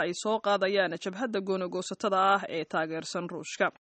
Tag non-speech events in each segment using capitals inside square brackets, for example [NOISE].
ay soo qaadayaan jabhadda goonagoosatada ah ee taageersan ruushka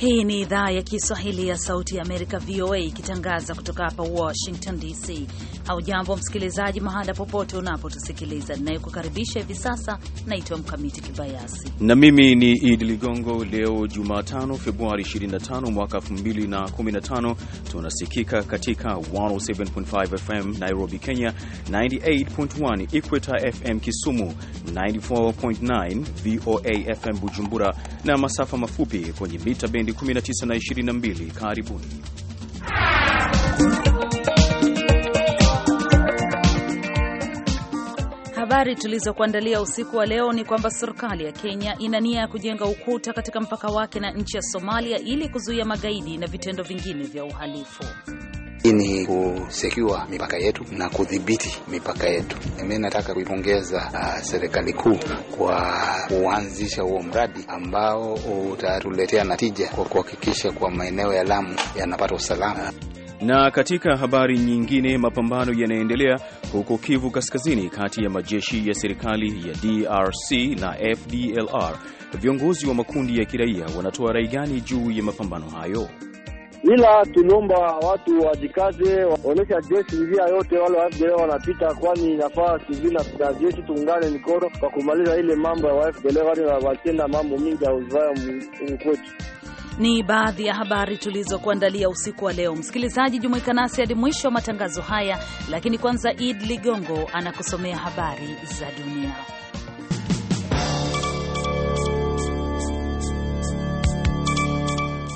Hii ni idhaa ya Kiswahili ya Sauti ya Amerika, VOA, ikitangaza kutoka hapa Washington DC. Haujambo msikilizaji, mahala popote unapotusikiliza. Ninayekukaribisha hivi sasa naitwa Mkamiti Kibayasi na mimi ni Idi Ligongo. Leo Jumatano, Februari 25 mwaka 2015, tunasikika katika 107.5 FM Nairobi, Kenya, 98.1 Equator FM Kisumu, 94.9 VOA FM Bujumbura na masafa mafupi kwenye mita bendi 19 na 22. Karibuni Habari tulizokuandalia usiku wa leo ni kwamba serikali ya Kenya ina nia ya kujenga ukuta katika mpaka wake na nchi ya Somalia ili kuzuia magaidi na vitendo vingine vya uhalifu. Hii ni kusekiwa mipaka yetu na kudhibiti mipaka yetu. Mimi nataka kuipongeza uh, serikali kuu kwa kuanzisha huo mradi ambao utatuletea natija kwa kuhakikisha kwa maeneo ya Lamu yanapata usalama. Na katika habari nyingine, mapambano yanaendelea huko Kivu Kaskazini kati ya majeshi ya serikali ya DRC na FDLR. Viongozi wa makundi ya kiraia wanatoa rai gani juu ya mapambano hayo? Ila tuliomba watu wajikaze, waonyesha jeshi njia yote, wale wa FDLR wanapita, kwani nafaa sivili na jeshi tuungane mikono kwa kumaliza ile mambo ya wa FDL, kwani mambo mingi ya uzivaya mkwetu ni baadhi ya habari tulizokuandalia usiku wa leo. Msikilizaji, jumuika nasi hadi mwisho wa matangazo haya, lakini kwanza Id Ligongo anakusomea habari za dunia.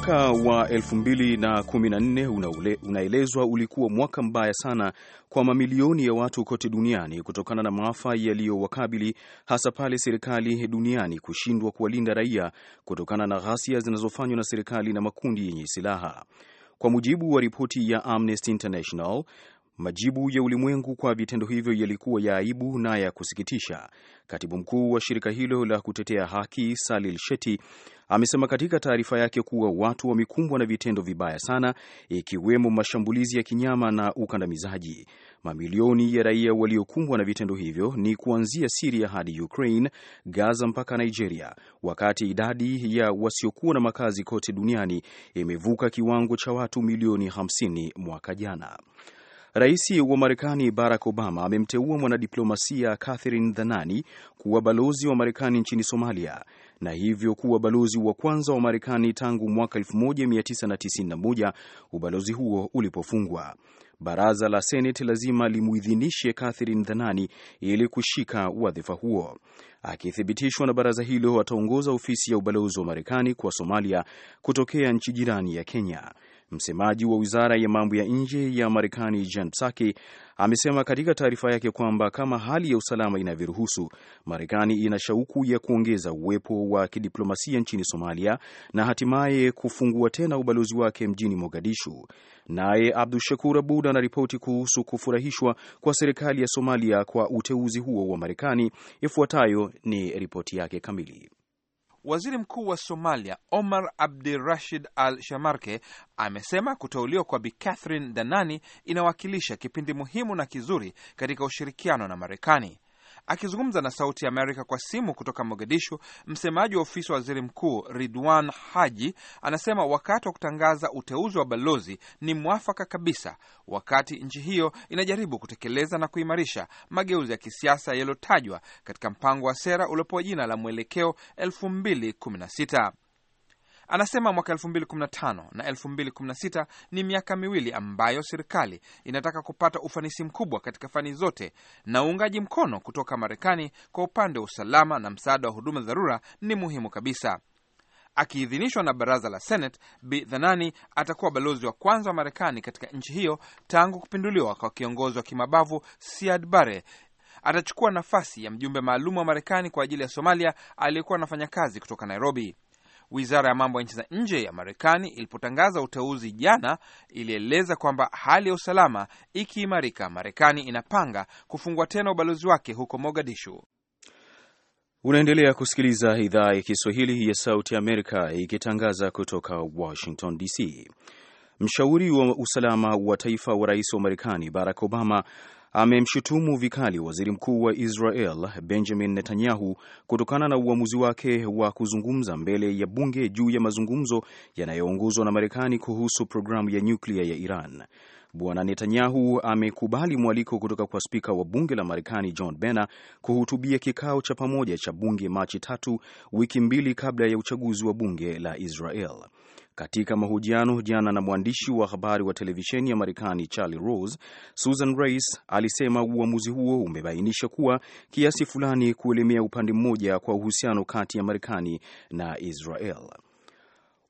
Mwaka wa 2014 unaelezwa ulikuwa mwaka mbaya sana kwa mamilioni ya watu kote duniani kutokana na maafa yaliyowakabili hasa pale serikali duniani kushindwa kuwalinda raia kutokana na ghasia zinazofanywa na serikali na makundi yenye silaha. Kwa mujibu wa ripoti ya Amnesty International, Majibu ya ulimwengu kwa vitendo hivyo yalikuwa ya aibu na ya kusikitisha. Katibu mkuu wa shirika hilo la kutetea haki Salil Sheti amesema katika taarifa yake kuwa watu wamekumbwa na vitendo vibaya sana, ikiwemo mashambulizi ya kinyama na ukandamizaji. Mamilioni ya raia waliokumbwa na vitendo hivyo ni kuanzia Siria hadi Ukraine, Gaza mpaka Nigeria, wakati idadi ya wasiokuwa na makazi kote duniani imevuka kiwango cha watu milioni 50 mwaka jana. Rais wa Marekani Barack Obama amemteua mwanadiplomasia Catherine Dhanani kuwa balozi wa Marekani nchini Somalia na hivyo kuwa balozi wa kwanza wa Marekani tangu mwaka 1991 ubalozi huo ulipofungwa. Baraza la Seneti lazima limuidhinishe Catherine Dhanani ili kushika wadhifa huo. Akithibitishwa na baraza hilo, ataongoza ofisi ya ubalozi wa Marekani kwa Somalia kutokea nchi jirani ya Kenya. Msemaji wa wizara ya mambo ya nje ya Marekani Jen Psaki amesema katika taarifa yake kwamba kama hali ya usalama inavyoruhusu, Marekani ina shauku ya kuongeza uwepo wa kidiplomasia nchini Somalia na hatimaye kufungua tena ubalozi wake mjini Mogadishu. Naye Abdu Shakur Abud anaripoti kuhusu kufurahishwa kwa serikali ya Somalia kwa uteuzi huo wa Marekani. Ifuatayo ni ripoti yake kamili. Waziri Mkuu wa Somalia Omar Abdi Rashid Al Shamarke amesema kuteuliwa kwa Bi Catherine Danani inawakilisha kipindi muhimu na kizuri katika ushirikiano na Marekani. Akizungumza na Sauti ya Amerika kwa simu kutoka Mogadishu, msemaji wa ofisi wa waziri mkuu Ridwan Haji anasema wakati wa kutangaza uteuzi wa balozi ni mwafaka kabisa, wakati nchi hiyo inajaribu kutekeleza na kuimarisha mageuzi ya kisiasa yaliyotajwa katika mpango wa sera uliopewa jina la Mwelekeo 2016. Anasema mwaka 2015 na 2016 ni miaka miwili ambayo serikali inataka kupata ufanisi mkubwa katika fani zote, na uungaji mkono kutoka Marekani kwa upande wa usalama na msaada wa huduma dharura ni muhimu kabisa. Akiidhinishwa na baraza la Senate, Bi Dhanani atakuwa balozi wa kwanza wa Marekani katika nchi hiyo tangu kupinduliwa kwa kiongozi wa kimabavu Siad Barre. Atachukua nafasi ya mjumbe maalum wa Marekani kwa ajili ya Somalia aliyekuwa anafanya kazi kutoka Nairobi. Wizara ya mambo ya nchi za nje ya Marekani ilipotangaza uteuzi jana, ilieleza kwamba hali ya usalama ikiimarika, Marekani inapanga kufungua tena ubalozi wake huko Mogadishu. Unaendelea kusikiliza idhaa ya Kiswahili ya Sauti ya Amerika ikitangaza kutoka Washington DC. Mshauri wa usalama wa taifa wa rais wa Marekani Barack Obama amemshutumu vikali waziri mkuu wa Israel Benjamin Netanyahu kutokana na uamuzi wake wa kuzungumza mbele ya bunge juu ya mazungumzo yanayoongozwa na Marekani kuhusu programu ya nyuklia ya Iran. Bwana Netanyahu amekubali mwaliko kutoka kwa spika wa bunge la Marekani John Boehner kuhutubia kikao cha pamoja cha bunge Machi tatu, wiki mbili kabla ya uchaguzi wa bunge la Israel. Katika mahojiano jana na mwandishi wa habari wa televisheni ya Marekani Charlie Rose, Susan Rice alisema uamuzi huo umebainisha kuwa kiasi fulani kuelemea upande mmoja kwa uhusiano kati ya Marekani na Israel.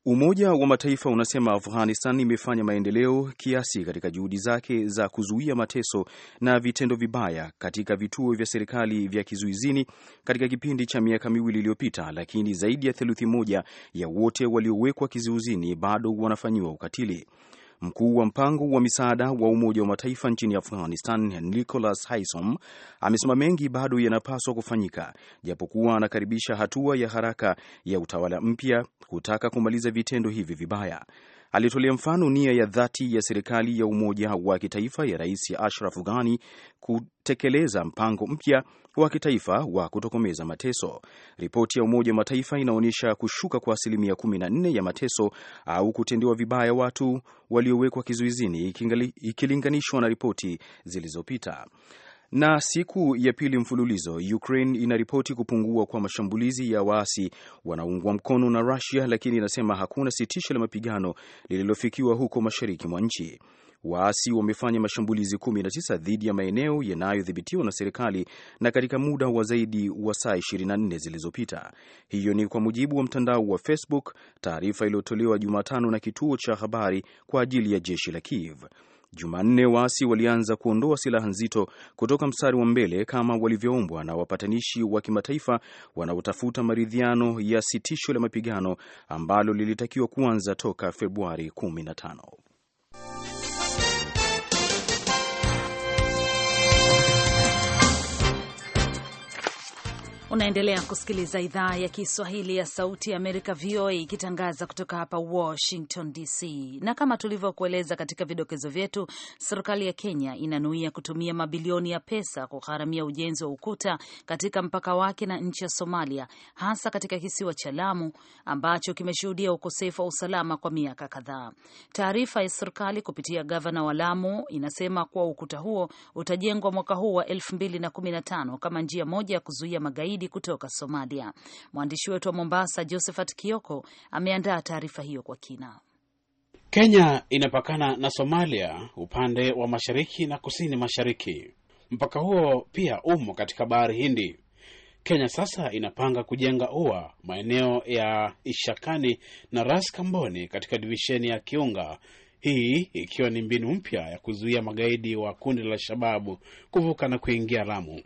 Umoja wa Mataifa unasema Afghanistan imefanya maendeleo kiasi katika juhudi zake za kuzuia mateso na vitendo vibaya katika vituo vya serikali vya kizuizini katika kipindi cha miaka miwili iliyopita, lakini zaidi ya theluthi moja ya wote waliowekwa kizuizini bado wanafanyiwa ukatili. Mkuu wa mpango wa misaada wa Umoja wa Mataifa nchini Afghanistan, Nicholas Haysom, amesema mengi bado yanapaswa kufanyika, japokuwa anakaribisha hatua ya haraka ya utawala mpya kutaka kumaliza vitendo hivi vibaya. Alitolea mfano nia ya dhati ya serikali ya umoja wa kitaifa ya Rais Ashraf Ghani kutekeleza mpango mpya wa kitaifa wa kutokomeza mateso. Ripoti ya Umoja wa Mataifa inaonyesha kushuka kwa asilimia 14 ya mateso au kutendewa vibaya watu waliowekwa kizuizini ikilinganishwa na ripoti zilizopita. Na siku ya pili mfululizo Ukraine inaripoti kupungua kwa mashambulizi ya waasi wanaungwa mkono na Russia, lakini inasema hakuna sitisho la mapigano lililofikiwa huko mashariki mwa nchi. Waasi wamefanya mashambulizi 19 dhidi ya maeneo yanayodhibitiwa na serikali na katika muda wa zaidi wa saa 24 zilizopita. Hiyo ni kwa mujibu wa mtandao wa Facebook, taarifa iliyotolewa Jumatano na kituo cha habari kwa ajili ya jeshi la Kiev. Jumanne waasi walianza kuondoa silaha nzito kutoka mstari wa mbele kama walivyoombwa na wapatanishi wa kimataifa wanaotafuta maridhiano ya sitisho la mapigano ambalo lilitakiwa kuanza toka Februari 15. Unaendelea kusikiliza idhaa ya Kiswahili ya Sauti ya Amerika, VOA, ikitangaza kutoka hapa Washington DC. Na kama tulivyokueleza katika vidokezo vyetu, serikali ya Kenya inanuia kutumia mabilioni ya pesa kugharamia ujenzi wa ukuta katika mpaka wake na nchi ya Somalia, hasa katika kisiwa cha Lamu ambacho kimeshuhudia ukosefu wa usalama kwa miaka kadhaa. Taarifa ya serikali kupitia gavana wa Lamu inasema kuwa ukuta huo utajengwa mwaka huu wa 2015 kama njia moja ya kuzuia magaidi kigaidi kutoka Somalia. Mwandishi wetu wa Mombasa, Josephat Kioko, ameandaa taarifa hiyo kwa kina. Kenya inapakana na Somalia upande wa mashariki na kusini mashariki. Mpaka huo pia umo katika bahari Hindi. Kenya sasa inapanga kujenga ua maeneo ya Ishakani na Ras Kamboni katika divisheni ya Kiunga, hii ikiwa ni mbinu mpya ya kuzuia magaidi wa kundi la Shababu kuvuka na kuingia Lamu.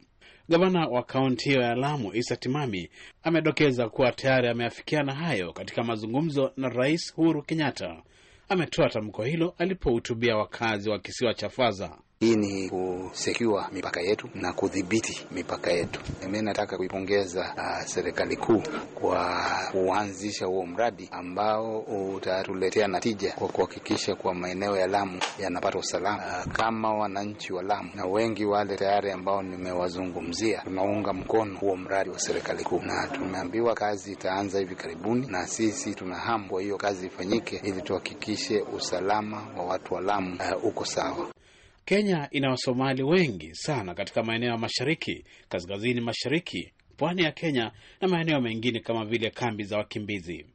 Gavana wa kaunti hiyo ya Lamu, Isa Timami, amedokeza kuwa tayari ameafikiana hayo katika mazungumzo na Rais Uhuru Kenyatta. Ametoa tamko hilo alipohutubia wakazi wa kisiwa cha Faza. Hii ni kusekiwa mipaka yetu na kudhibiti mipaka yetu. Mimi nataka kuipongeza uh, serikali kuu kwa kuanzisha huo mradi ambao utatuletea natija kwa kuhakikisha kwa maeneo ya Lamu yanapata usalama. Uh, kama wananchi wa Lamu na wengi wale tayari ambao nimewazungumzia, tunaunga mkono huo mradi wa serikali kuu, na tumeambiwa kazi itaanza hivi karibuni, na sisi tuna hamu kwa hiyo kazi ifanyike, ili tuhakikishe usalama wa watu wa Lamu uh, uko sawa. Kenya ina Wasomali wengi sana katika maeneo ya mashariki, kaskazini mashariki, pwani ya Kenya na maeneo mengine kama vile kambi za wakimbizi.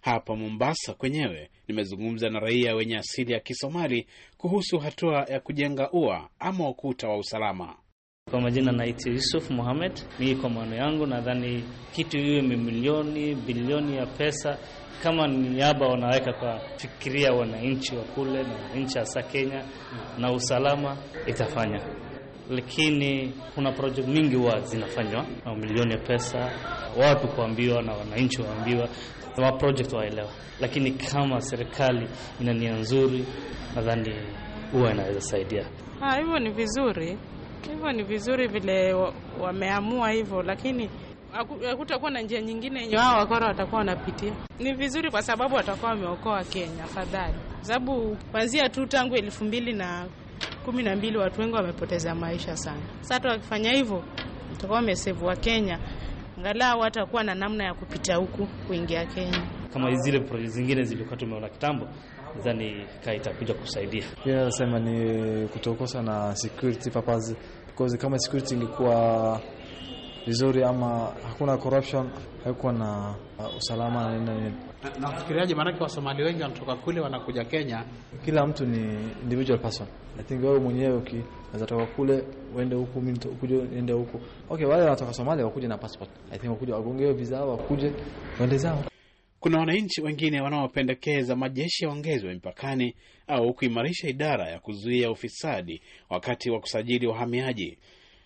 Hapa Mombasa kwenyewe nimezungumza na raia wenye asili ya Kisomali kuhusu hatua ya kujenga ua ama ukuta wa usalama. Kwa majina naitwa Yusuf Mohamed. Ni kwa maono yangu, nadhani kitu hiyo ni milioni bilioni ya pesa, kama niaba wanaweka kwa fikiria wananchi wa kule na wananchi hasa Kenya na usalama itafanya, lakini kuna project mingi huwa zinafanywa na milioni ya pesa, watu kuambiwa na wananchi waambiwa wa project waelewa, lakini kama serikali ina nia nzuri, nadhani huwa inaweza saidia. Ah, hivyo ni vizuri Hivyo ni vizuri vile wameamua hivyo, lakini hakutakuwa na njia nyingine yenye wao wakora watakuwa wanapitia. Ni vizuri kwa sababu watakuwa wameokoa Kenya afadhali, kwa sababu kwanzia tu tangu elfu mbili na kumi na mbili watu wengi wamepoteza maisha sana. Sasa wakifanya hivyo watakuwa wamesevu wa Kenya, angalau watakuwa na namna ya kupita huku kuingia Kenya, kama zile project zingine zilikuwa tumeona kitambo nadhani kaa itakuja kusaidia. Pia nasema ni kutokosa na security purpose, because kama security ingekuwa vizuri ama hakuna corruption, haikuwa na uh, usalama na nafikiriaje? Maanake Wasomali wengi wanatoka kule wanakuja Kenya. Kila mtu ni individual person. I think wewe mwenyewe ukiweza toka kule uende huku, mimi ukuje niende huku. Okay, wale wanatoka Somalia wakuje na passport, I think wakuje wagongee visa, wakuje waende zao. Kuna wananchi wengine wanaopendekeza majeshi yaongezwe mipakani au kuimarisha idara ya kuzuia ufisadi wakati wa kusajili wahamiaji.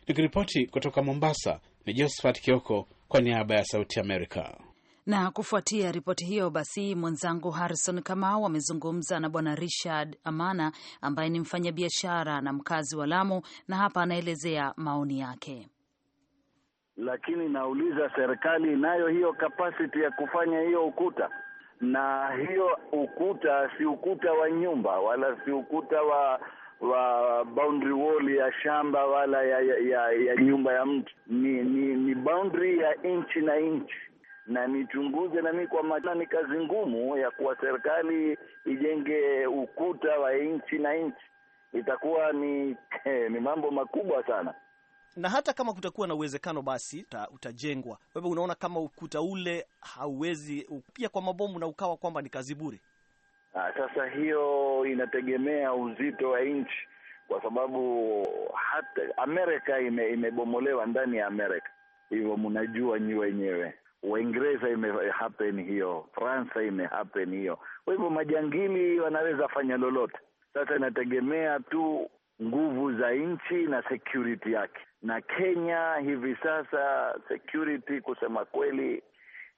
Nikiripoti kutoka Mombasa ni Josephat Kioko kwa niaba ya Sauti Amerika. Na kufuatia ripoti hiyo basi, mwenzangu Harrison Kamau amezungumza na Bwana Richard Amana ambaye ni mfanyabiashara na mkazi wa Lamu, na hapa anaelezea maoni yake lakini nauliza serikali inayo hiyo capacity ya kufanya hiyo ukuta? Na hiyo ukuta si ukuta wa nyumba wala si ukuta wa wa boundary wall ya shamba wala ya, ya, ya, ya nyumba ya mtu, ni ni, ni boundary ya nchi na nchi na nichunguze nami kwa maana ni kazi ngumu ya kuwa serikali ijenge ukuta wa nchi na nchi, itakuwa ni [LAUGHS] ni mambo makubwa sana na hata kama kutakuwa na uwezekano basi ta, utajengwa wewe. Unaona kama ukuta ule hauwezi pia kwa mabomu na ukawa kwamba ni kazi bure? Ah, sasa hiyo inategemea uzito wa nchi, kwa sababu hata Amerika ime, imebomolewa ndani ya Amerika, hivyo mnajua nyi wenyewe. waingereza ime happen hiyo, Fransa ime happen hiyo. Kwa hivyo majangili wanaweza fanya lolote. Sasa inategemea tu nguvu za nchi na security yake na Kenya hivi sasa security, kusema kweli,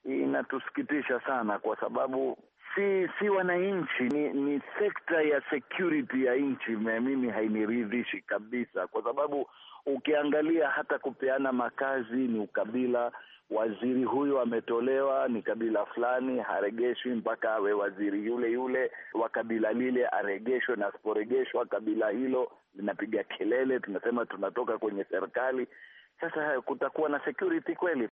inatusikitisha sana, kwa sababu si si wananchi ni, ni sekta ya security ya nchi. Mimi hainiridhishi kabisa, kwa sababu ukiangalia hata kupeana makazi ni ukabila waziri huyu ametolewa ni kabila fulani, haregeshwi mpaka awe waziri yule yule wa kabila lile aregeshwe, na asiporegeshwa kabila hilo linapiga kelele, tunasema tunatoka kwenye serikali. Sasa kutakuwa na security kweli?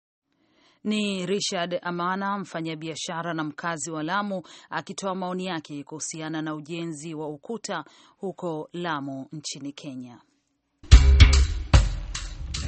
Ni Richard Amana, mfanyabiashara na mkazi wa Lamu, akitoa maoni yake kuhusiana na ujenzi wa ukuta huko Lamu nchini Kenya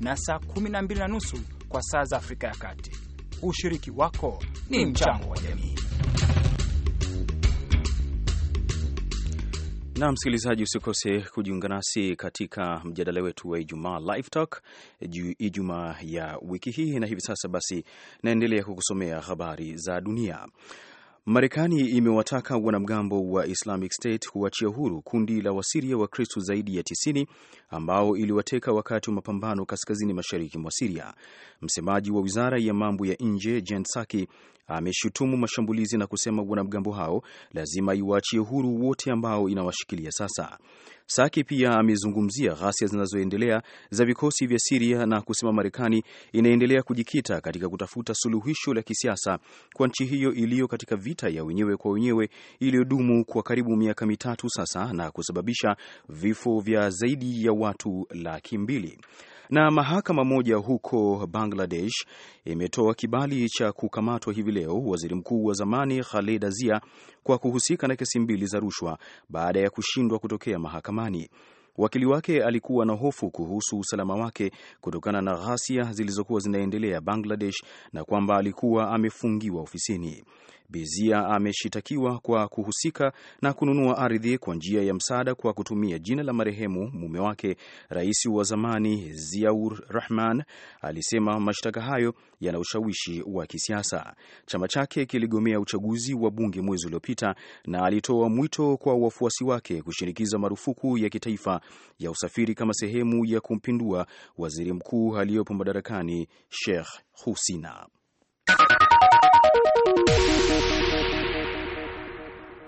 na saa 12 na nusu kwa saa za Afrika ya Kati. Ushiriki wako ni mchango wa jamii. na msikilizaji, usikose kujiunga nasi katika mjadala wetu wa Ijumaa Live Talk Ijumaa ya wiki hii. Na hivi sasa basi, naendelea kukusomea habari za dunia. Marekani imewataka wanamgambo wa Islamic State kuachia huru kundi la Wasiria wa Kristu zaidi ya 90 ambao iliwateka wakati wa mapambano kaskazini mashariki mwa Siria. Msemaji wa wizara ya mambo ya nje Jen Psaki ameshutumu mashambulizi na kusema wanamgambo hao lazima iwaachie huru wote ambao inawashikilia sasa. Saki pia amezungumzia ghasia zinazoendelea za vikosi vya Siria na kusema Marekani inaendelea kujikita katika kutafuta suluhisho la kisiasa kwa nchi hiyo iliyo katika vita ya wenyewe kwa wenyewe iliyodumu kwa karibu miaka mitatu sasa na kusababisha vifo vya zaidi ya watu laki mbili. Na mahakama moja huko Bangladesh imetoa kibali cha kukamatwa hivi leo waziri mkuu wa zamani Khaleda Zia kwa kuhusika na kesi mbili za rushwa baada ya kushindwa kutokea mahakamani. Wakili wake alikuwa na hofu kuhusu usalama wake kutokana na ghasia zilizokuwa zinaendelea Bangladesh na kwamba alikuwa amefungiwa ofisini. Bezia ameshitakiwa kwa kuhusika na kununua ardhi kwa njia ya msaada kwa kutumia jina la marehemu mume wake, rais wa zamani Ziaur Rahman. Alisema mashtaka hayo yana ushawishi wa kisiasa. Chama chake kiligomea uchaguzi wa bunge mwezi uliopita na alitoa mwito kwa wafuasi wake kushinikiza marufuku ya kitaifa ya usafiri kama sehemu ya kumpindua waziri mkuu aliyopo madarakani Sheikh husina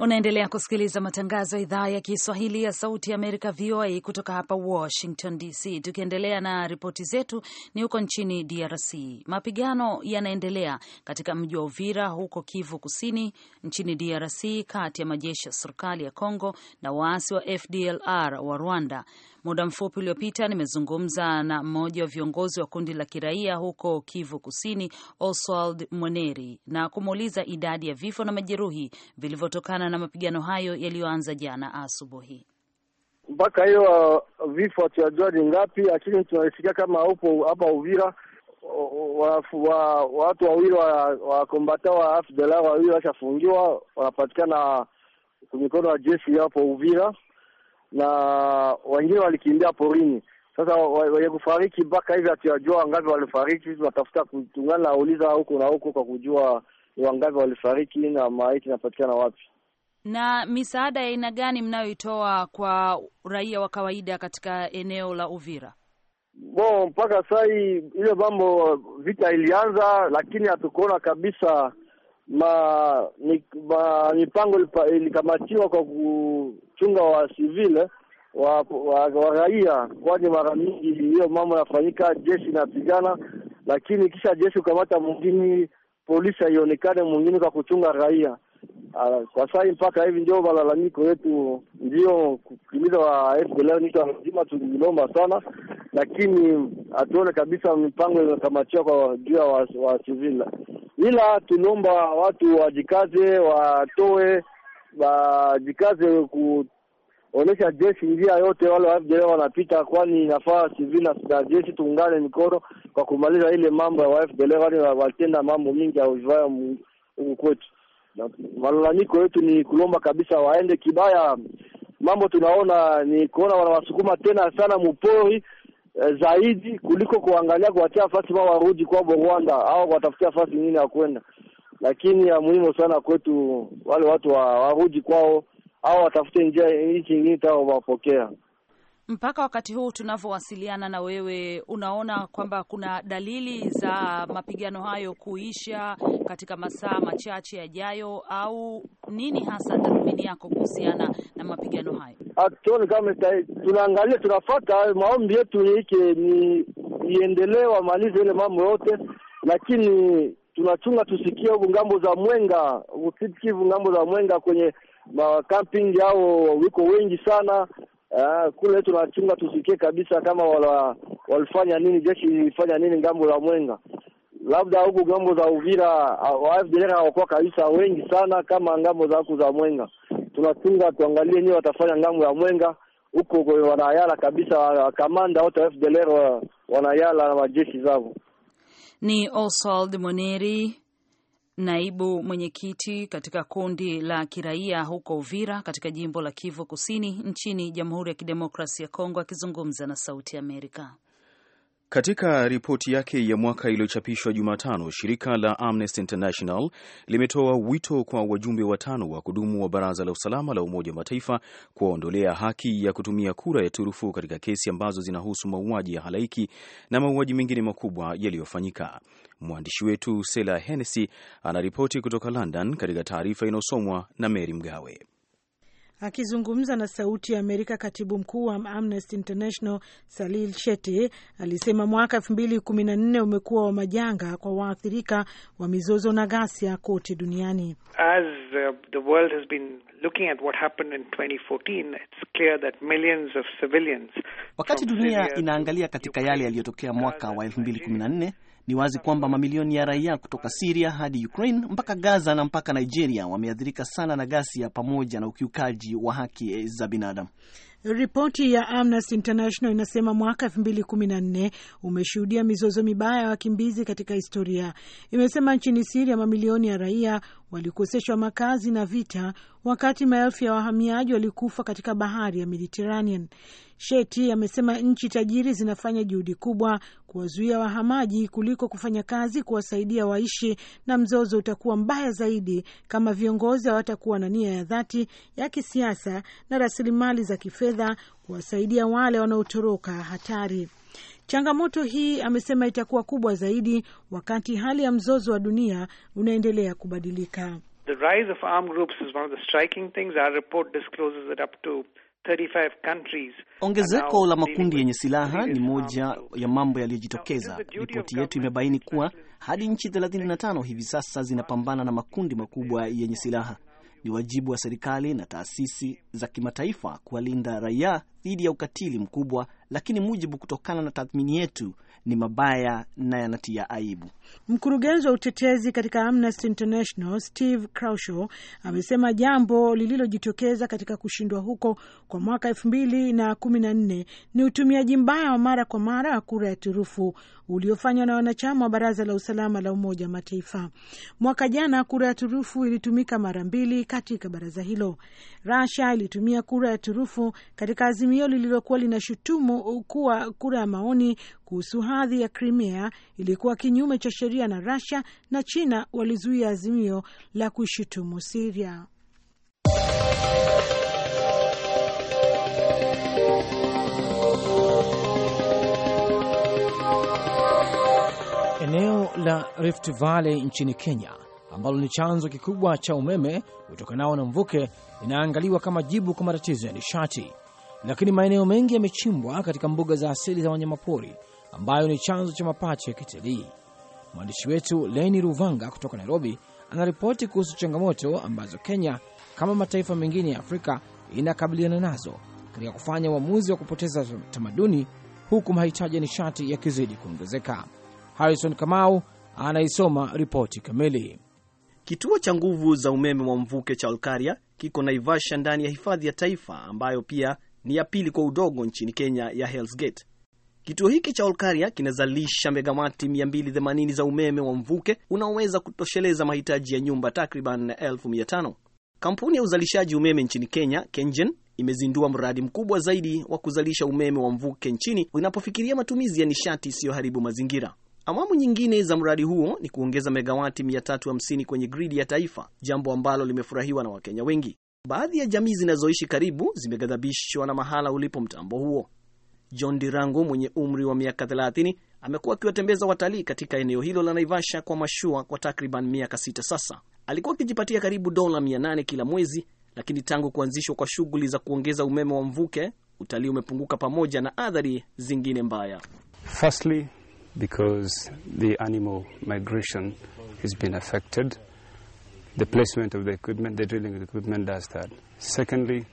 Unaendelea kusikiliza matangazo ya idhaa ya Kiswahili ya Sauti ya Amerika, VOA, kutoka hapa Washington DC. Tukiendelea na ripoti zetu, ni huko nchini DRC. Mapigano yanaendelea katika mji wa Uvira huko Kivu Kusini nchini DRC, kati ya majeshi ya serikali ya Congo na waasi wa FDLR wa Rwanda. Muda mfupi uliopita nimezungumza na mmoja wa viongozi wa kundi la kiraia huko Kivu Kusini, Oswald Mweneri, na kumuuliza idadi ya vifo na majeruhi vilivyotokana na mapigano hayo yaliyoanza jana asubuhi. Mpaka hiyo uh, vifo hatuyajua ni ngapi, lakini tunaisikia kama upo hapa Uvira watu uh, wa, wawili wakombata wa, wa wawili washafungiwa wanapatikana kwenye mikono ya jeshi hapo Uvira na wengine walikimbia porini. Sasa wenye kufariki mpaka hivi hatuyajua wangapi walifariki. Sisi tunatafuta kutungana na uliza huko na huko kwa kujua ni wangapi walifariki na maiti inapatikana wapi. Na misaada ya aina gani mnayoitoa kwa raia wa kawaida katika eneo la Uvira? Bo, mpaka sai hiyo mambo vita ilianza, lakini hatukuona kabisa ma, ma mipango ilikamatiwa kwa kuchunga wa sivile wa, wa, wa raia, kwani mara mingi hiyo mambo yanafanyika, jeshi inapigana, lakini kisha jeshi ukamata mwingine, polisi haionekane mwingine kwa kuchunga raia. Uh, kwa sai mpaka hivi ndio malalamiko yetu, ndio kukimiza wa FDLR ndio lazima tulilomba sana, lakini hatuone kabisa mipango inakamatiwa kwa juu ya wa, wa ila tuliomba watu wajikaze, watoe wajikaze kuonesha jeshi njia yote, wale wa wanapita, kwani inafaa sivili na jeshi tuungane mikono kwa kumaliza ile mambo ya wafdele, kwani watenda mambo mingi yaivaya huku kwetu. Malalamiko yetu ni kulomba kabisa waende kibaya. Mambo tunaona ni kuona wanawasukuma tena sana mupori e, zaidi kuliko kuangalia kuwatia nafasi wao warudi kwao Rwanda au watafutia nafasi nyingine ya kwenda, lakini ya muhimu sana kwetu wale watu wa, warudi kwao au watafute njia nchi nyingine tao wapokea mpaka wakati huu tunavyowasiliana na wewe, unaona kwamba kuna dalili za mapigano hayo kuisha katika masaa machache yajayo, au nini hasa tathmini yako kuhusiana na mapigano hayo? Hatuoni kama tunaangalia, tunafuata maombi yetu yike ni iendelee, wamalize ile mambo yote, lakini tunachunga tusikie huku ngambo za Mwenga, Kivu ngambo za Mwenga kwenye makampingi ao wiko wengi sana Uh, kule tunachunga tusikie kabisa kama wala, walifanya nini, jeshi ilifanya nini ngambo la Mwenga, labda huku ngambo za Uvira ah, wafdr hawakuwa kabisa wengi sana kama ngambo za huku za Mwenga. Tunachunga tuangalie nini watafanya ngambo ya Mwenga huko wanayala kabisa, ah, kamanda wote wa wanayala na majeshi zao. Ni Oswald Moneri naibu mwenyekiti katika kundi la kiraia huko Uvira katika jimbo la Kivu Kusini nchini Jamhuri ya Kidemokrasia ya Kongo, akizungumza na Sauti Amerika. Katika ripoti yake ya mwaka iliyochapishwa Jumatano, shirika la Amnesty International limetoa wito kwa wajumbe watano wa kudumu wa Baraza la Usalama la Umoja wa Mataifa kuwaondolea haki ya kutumia kura ya turufu katika kesi ambazo zinahusu mauaji ya halaiki na mauaji mengine makubwa yaliyofanyika. Mwandishi wetu Sela Hennessy anaripoti kutoka London katika taarifa inayosomwa na Mary Mgawe. Akizungumza na Sauti ya Amerika, katibu mkuu wa Amnesty International Salil Shete alisema mwaka elfu mbili kumi na nne umekuwa wa majanga kwa waathirika wa mizozo na ghasia kote duniani. As uh, the world has been looking at what happened in 2014, it's clear that millions of civilians, wakati dunia inaangalia katika yale yaliyotokea mwaka wa elfu mbili kumi na nne ni wazi kwamba mamilioni ya raia kutoka Siria hadi Ukraine mpaka Gaza na mpaka Nigeria wameathirika sana na ghasia pamoja na ukiukaji wa haki za binadamu. Ripoti ya Amnesty International inasema mwaka elfu mbili kumi na nne umeshuhudia mizozo mibaya ya wakimbizi katika historia. Imesema nchini Siria mamilioni ya raia walikoseshwa makazi na vita, wakati maelfu ya wahamiaji walikufa katika bahari ya Mediterranean. Sheti amesema nchi tajiri zinafanya juhudi kubwa kuwazuia wahamaji kuliko kufanya kazi kuwasaidia waishi, na mzozo utakuwa mbaya zaidi kama viongozi hawatakuwa na nia ya dhati ya kisiasa na rasilimali za kifedha fedha kuwasaidia wale wanaotoroka hatari. Changamoto hii amesema itakuwa kubwa zaidi wakati hali ya mzozo wa dunia unaendelea kubadilika. The rise of armed groups is one of the striking things. Our report discloses that up to 35 countries. Ongezeko la makundi yenye silaha ni moja ya mambo yaliyojitokeza. Ripoti yetu imebaini kuwa hadi nchi 35 hivi sasa zinapambana na makundi makubwa yenye silaha ni wajibu wa serikali na taasisi za kimataifa kuwalinda raia dhidi ya ukatili mkubwa, lakini mujibu kutokana na tathmini yetu ni mabaya na yanatia aibu. Mkurugenzi wa utetezi katika Amnesty International Steve Kraushaw amesema jambo lililojitokeza katika kushindwa huko kwa mwaka elfu mbili na kumi na nne ni utumiaji mbaya wa mara kwa mara wa kura ya turufu uliofanywa na wanachama wa Baraza la Usalama la Umoja wa Mataifa. Mwaka jana kura ya turufu ilitumika mara mbili katika baraza hilo. Rasia ilitumia kura ya turufu katika azimio hiyo lililokuwa linashutumu kuwa kura ya maoni kuhusu hadhi ya Crimea ilikuwa kinyume cha sheria, na Russia na China walizuia azimio la kuishutumu Siria. Eneo la Rift Valley nchini Kenya ambalo ni chanzo kikubwa cha umeme utokanao na mvuke linaangaliwa kama jibu kwa matatizo ya nishati lakini maeneo mengi yamechimbwa katika mbuga za asili za wanyamapori ambayo ni chanzo cha mapato ya kitalii. Mwandishi wetu Leni Ruvanga kutoka Nairobi anaripoti kuhusu changamoto ambazo Kenya kama mataifa mengine ya Afrika inakabiliana nazo katika kufanya uamuzi wa kupoteza tamaduni huku mahitaji ya nishati yakizidi kuongezeka. Harrison Kamau anaisoma ripoti kamili. Kituo cha nguvu za umeme wa mvuke cha Olkaria kiko Naivasha ndani ya hifadhi ya taifa ambayo pia ni ya pili kwa udogo nchini Kenya ya Hell's Gate. Kituo hiki cha Olkaria kinazalisha megawati 280 za umeme wa mvuke unaoweza kutosheleza mahitaji ya nyumba takriban 1500. Kampuni ya uzalishaji umeme nchini Kenya, KenGen, imezindua mradi mkubwa zaidi wa kuzalisha umeme wa mvuke nchini inapofikiria matumizi ya nishati isiyoharibu mazingira. Awamu nyingine za mradi huo ni kuongeza megawati 350 kwenye gridi ya taifa, jambo ambalo limefurahiwa na Wakenya wengi. Baadhi ya jamii zinazoishi karibu zimeghadhabishwa na mahala ulipo mtambo huo. John Dirangu mwenye umri wa miaka 30 amekuwa akiwatembeza watalii katika eneo hilo la Naivasha kwa mashua kwa takriban miaka sita sasa. Alikuwa akijipatia karibu dola 800 kila mwezi, lakini tangu kuanzishwa kwa shughuli za kuongeza umeme wa mvuke, utalii umepunguka pamoja na athari zingine mbaya. Firstly, because the animal migration has been affected. The placement of the equipment, the drilling equipment does that. Secondly,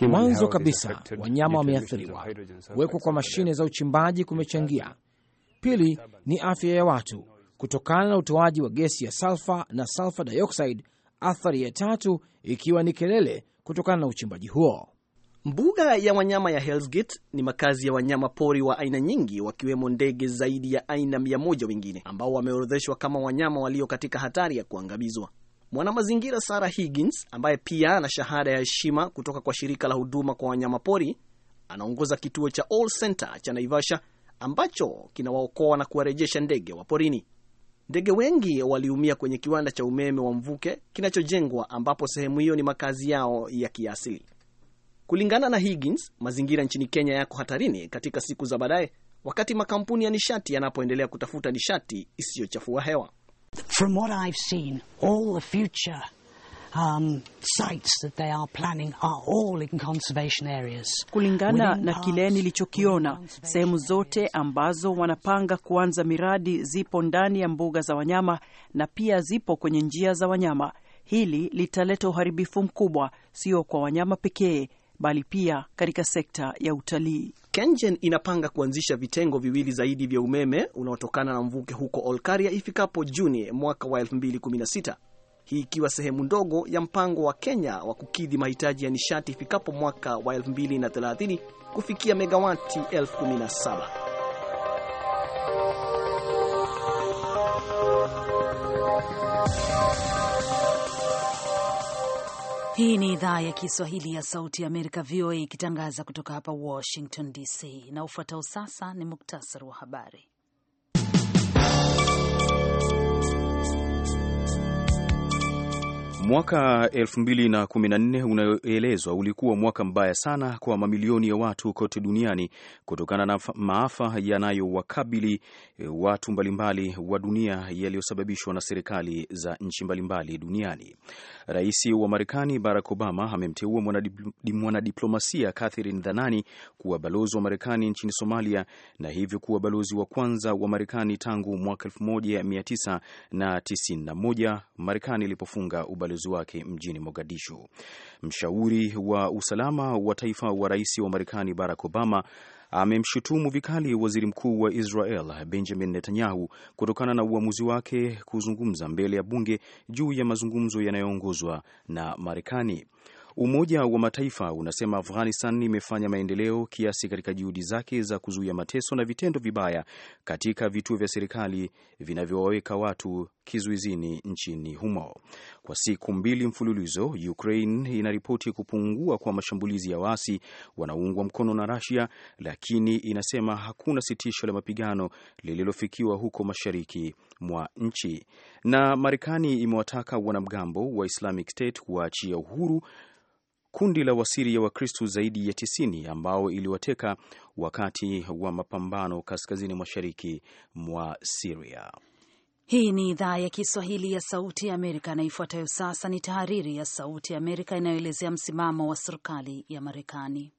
mwanzo kabisa wanyama wameathiriwa. Kuwekwa kwa mashine za uchimbaji kumechangia. Pili ni afya ya watu kutokana na utoaji wa gesi ya sulfa na sulfa dioxide. Athari ya tatu ikiwa ni kelele kutokana na uchimbaji huo. Mbuga ya wanyama ya Hell's Gate ni makazi ya wanyama pori wa aina nyingi wakiwemo ndege zaidi ya aina mia moja wengine ambao wameorodheshwa kama wanyama walio katika hatari ya kuangamizwa. Mwanamazingira Sarah Higgins ambaye pia ana shahada ya heshima kutoka kwa shirika la huduma kwa wanyamapori anaongoza kituo cha All Center cha Naivasha ambacho kinawaokoa na kuwarejesha ndege wa porini. Ndege wengi waliumia kwenye kiwanda cha umeme wa mvuke kinachojengwa ambapo sehemu hiyo ni makazi yao ya kiasili. Kulingana na Higgins, mazingira nchini Kenya yako hatarini katika siku za baadaye, wakati makampuni ya nishati yanapoendelea kutafuta nishati isiyochafua hewa. From what I've seen, all the future Um, sites that they are planning are all in conservation areas. Kulingana na kile nilichokiona, sehemu zote ambazo wanapanga kuanza miradi zipo ndani ya mbuga za wanyama na pia zipo kwenye njia za wanyama. Hili litaleta uharibifu mkubwa, sio kwa wanyama pekee, bali pia katika sekta ya utalii. Kengen inapanga kuanzisha vitengo viwili zaidi vya umeme unaotokana na mvuke huko Olkaria ifikapo Juni mwaka wa 2016, hii ikiwa sehemu ndogo ya mpango wa Kenya wa kukidhi mahitaji ya nishati ifikapo mwaka wa 2030 kufikia megawati 17 Hii ni idhaa ya Kiswahili ya Sauti ya Amerika, VOA, ikitangaza kutoka hapa Washington DC, na ufuatao sasa ni muktasari wa habari. Mwaka 2014 unaoelezwa ulikuwa mwaka mbaya sana kwa mamilioni ya watu kote duniani kutokana na maafa yanayowakabili e, watu mbalimbali wa dunia yaliyosababishwa na serikali za nchi mbalimbali duniani. Rais wa Marekani Barack Obama amemteua mwanadiplomasia Catherine Dhanani kuwa balozi wa Marekani nchini Somalia na hivyo kuwa balozi wa kwanza wa Marekani tangu mwaka 1991 Marekani ilipofunga ubalozi ubalozi wake mjini Mogadishu. Mshauri wa usalama wa taifa wa rais wa Marekani Barack Obama amemshutumu vikali waziri mkuu wa Israel Benjamin Netanyahu kutokana na uamuzi wake kuzungumza mbele ya bunge juu ya mazungumzo yanayoongozwa na Marekani. Umoja wa Mataifa unasema Afghanistan imefanya maendeleo kiasi katika juhudi zake za kuzuia mateso na vitendo vibaya katika vituo vya serikali vinavyowaweka watu kizuizini nchini humo. Kwa siku mbili mfululizo, Ukraine inaripoti kupungua kwa mashambulizi ya waasi wanaoungwa mkono na Russia, lakini inasema hakuna sitisho la mapigano lililofikiwa huko mashariki mwa nchi. Na Marekani imewataka wanamgambo wa Islamic State kuwaachia uhuru kundi la wasiria wa Kristu zaidi ya tisini ambao iliwateka wakati wa mapambano kaskazini mashariki mwa Siria. Hii ni idhaa ya Kiswahili ya Sauti ya Amerika na ifuatayo sasa ni tahariri ya Sauti ya Amerika inayoelezea msimamo wa serikali ya Marekani.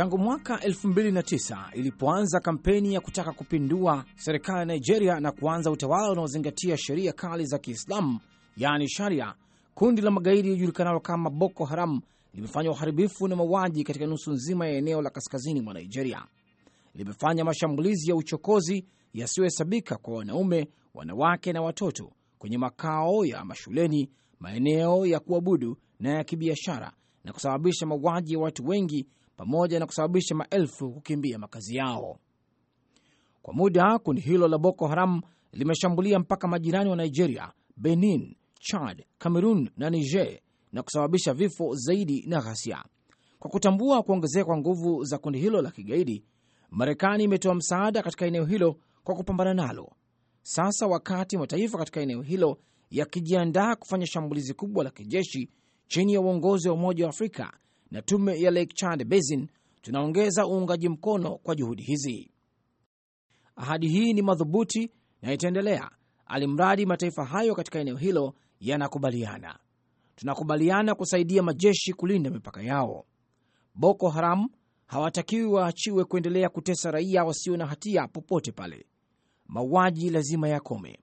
Tangu mwaka 2009 ilipoanza kampeni ya kutaka kupindua serikali ya Nigeria na kuanza utawala unaozingatia sheria kali za Kiislamu, yaani sharia, kundi la magaidi lilijulikanalo kama Boko Haram limefanya uharibifu na mauaji katika nusu nzima ya eneo la kaskazini mwa Nigeria. Limefanya mashambulizi ya uchokozi yasiyohesabika kwa wanaume, wanawake na watoto kwenye makao ya mashuleni, maeneo ya kuabudu na ya kibiashara, na kusababisha mauaji ya watu wengi pamoja na kusababisha maelfu kukimbia makazi yao. Kwa muda kundi hilo la Boko Haram limeshambulia mpaka majirani wa Nigeria, Benin, Chad, Cameroon na Niger na kusababisha vifo zaidi na ghasia. Kwa kutambua kuongezeka kwa nguvu za kundi hilo la kigaidi, Marekani imetoa msaada katika eneo hilo kwa kupambana nalo. Sasa wakati mataifa katika eneo hilo yakijiandaa kufanya shambulizi kubwa la kijeshi chini ya uongozi wa Umoja wa Afrika na tume ya Lake Chad Basin tunaongeza uungaji mkono kwa juhudi hizi. Ahadi hii ni madhubuti na itaendelea alimradi mataifa hayo katika eneo hilo yanakubaliana. Tunakubaliana kusaidia majeshi kulinda mipaka yao. Boko Haram hawatakiwi waachiwe kuendelea kutesa raia wasio na hatia popote pale. Mauaji lazima yakome.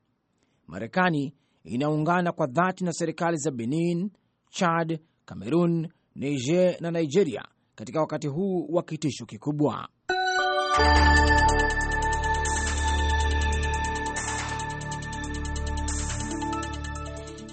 Marekani inaungana kwa dhati na serikali za Benin, Chad, Cameroon, Niger na Nigeria katika wakati huu wa kitisho kikubwa.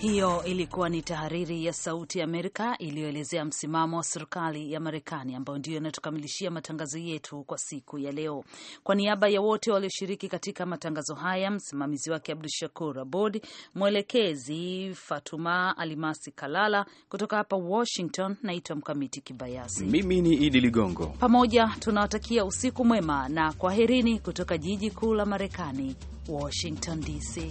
Hiyo ilikuwa ni tahariri ya Sauti ya Amerika iliyoelezea msimamo wa serikali ya Marekani, ambayo ndiyo inatukamilishia matangazo yetu kwa siku ya leo. Kwa niaba ya wote walioshiriki katika matangazo haya, msimamizi wake Abdu Shakur Abod, mwelekezi Fatuma Alimasi Kalala, kutoka hapa Washington naitwa Mkamiti Kibayasi, mimi ni Idi Ligongo. Pamoja tunawatakia usiku mwema na kwaherini kutoka jiji kuu la Marekani, Washington DC.